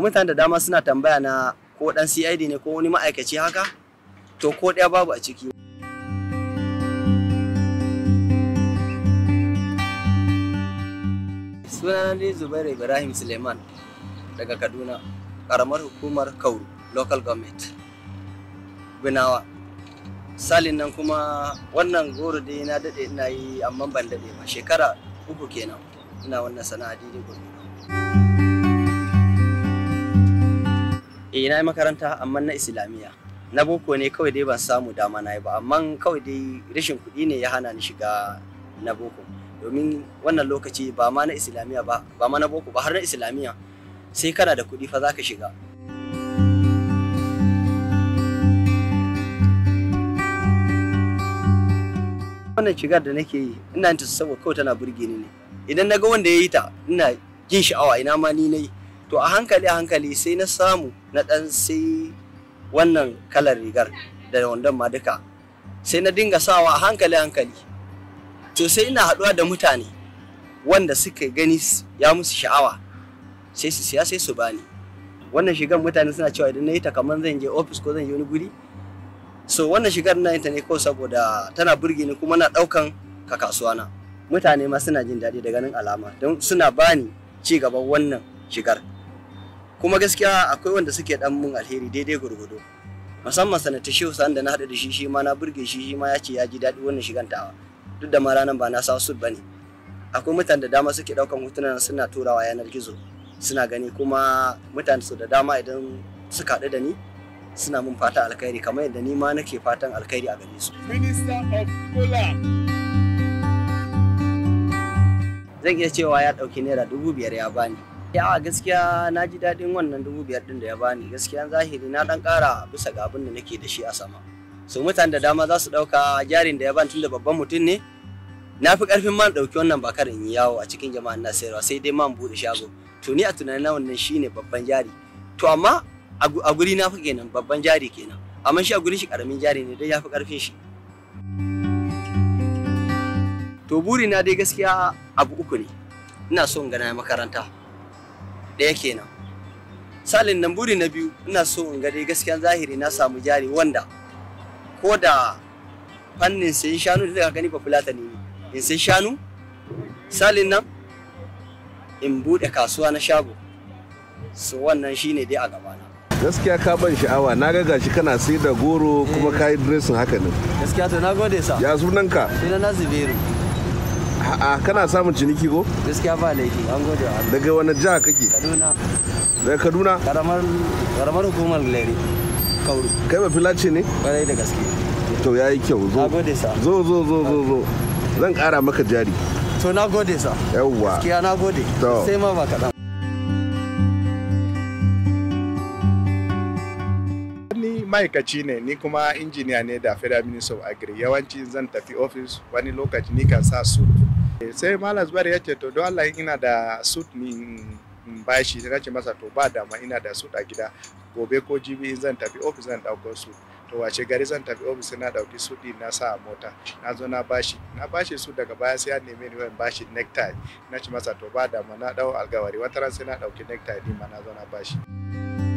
mutane da dama suna tambaya na ko dan cid ne ko wani ma'aikaci haka to ko ɗaya babu a ciki sunana ne zubairu ibrahim suleiman daga kaduna karamar hukumar kauru local government binawa salin nan kuma wannan goro dai na daɗe ina yi amma ban daɗe ba shekara uku kenan ina wannan sana'a didi gurgurdu eh na yi makaranta amma na islamiyya na boko ne kawai dai ban samu dama na yi ba amma kawai dai rashin kuɗi ne ya hana ni shiga na boko domin wannan lokaci ba ma na islamiyya ba ba ma na boko ba har na islamiyya sai kana da kuɗi fa za ka shiga wannan shigar da nake yi ina ta saboda kawai tana burge ni ne idan na ga wanda ya yi ta ina jin sha'awa ina ma ni na yi to a hankali a hankali sai na samu na ɗan sai wannan kalar rigar da wandon ma duka sai na dinga sawa a hankali hankali to sai ina haɗuwa da mutane wanda suka gani ya musu sha'awa sai su siya sai su bani wannan shigar mutane suna cewa idan na yi ta kamar zan je ofis ko zan je wani guri so wannan shigar na ta ne kawai saboda tana burge ni kuma na ɗaukan ka kasuwa na mutane ma suna jin daɗi da ganin alama don suna bani ci gaban wannan shigar kuma gaskiya akwai wanda suke dan mun alheri daidai gurgudo musamman sanata shehu sa'an da na haɗu da shi shi ma na burge shi shi ma ya ce ya ji daɗi wannan shigan duk da ma ranar ba na south ba ne akwai mutane da dama suke ɗaukan hotunan suna turawa yanar gizo suna gani kuma mutane su da dama idan suka haɗu da ni suna mun fata alkhairi kamar yadda ni ma nake fatan alkhairi a gare su. Zan iya cewa ya ɗauki naira dubu biyar ya bani. ya gaskiya na ji daɗin wannan dubu biyar ɗin da ya bani gaskiya zahiri na ɗan ƙara bisa ga abin da nake da shi a sama so mutane da dama za su ɗauka jarin da ya bani tun da babban mutum ne na fi ƙarfin man ɗauki wannan bakar in yi yawo a cikin jama'an na sayarwa sai dai man buɗe shago to ni a tunanin na wannan shi ne babban jari to amma a guri na fi kenan babban jari kenan amma shi a gurin shi ƙaramin jari ne dai ya fi ƙarfin shi. to buri na dai gaskiya abu uku ne ina son gana makaranta ɗaya kenan salin nan buri na biyu ina so in ga dai gaskiyan zahiri na samu jari wanda ko da fannin sai shanu da daga gani ba fulata ne in sai shanu salin nan in bude kasuwa na shago so wannan shine dai a gabana gaskiya ka ban sha'awa na ga gashi kana sai da goro eh. kuma ka yi dressing haka ne gaskiya to na gode sa ya sunan ka sunan na zubairu a'a kana samun ciniki ko gaskiya ba laifi an gode wa daga wani jiha kake Kaduna. Daga Kaduna? Karamar karamar hukumar Lere. Kauru. Kai ba filace ne? Kwarai da gaske. To yayi kyau zo. Nagode sa. Zo zo zo zo zo. Zan kara maka jari. To nagode sa. Yawwa. Gaskiya nagode. To. Sai ma ba kaɗan. ma'aikaci ne ni kuma injiniya ne da federal minister of agri yawanci zan tafi ofis wani lokaci ni kan sa suit eh, sai malas bari ya ce to don allah ina da suit ni in bashi na ce masa to ba dama ina da su a gida gobe ko jibi in zan tafi ofis zan ɗauko su to wace gari zan tafi ofis na ɗauki su ɗin na sa a mota na zo na bashi na bashi su daga baya sai ya neme ni wani bashi necktie na ce masa to ba dama na ɗau alkawari wata ran sai na ɗauki necktie ɗin ma na na bashi.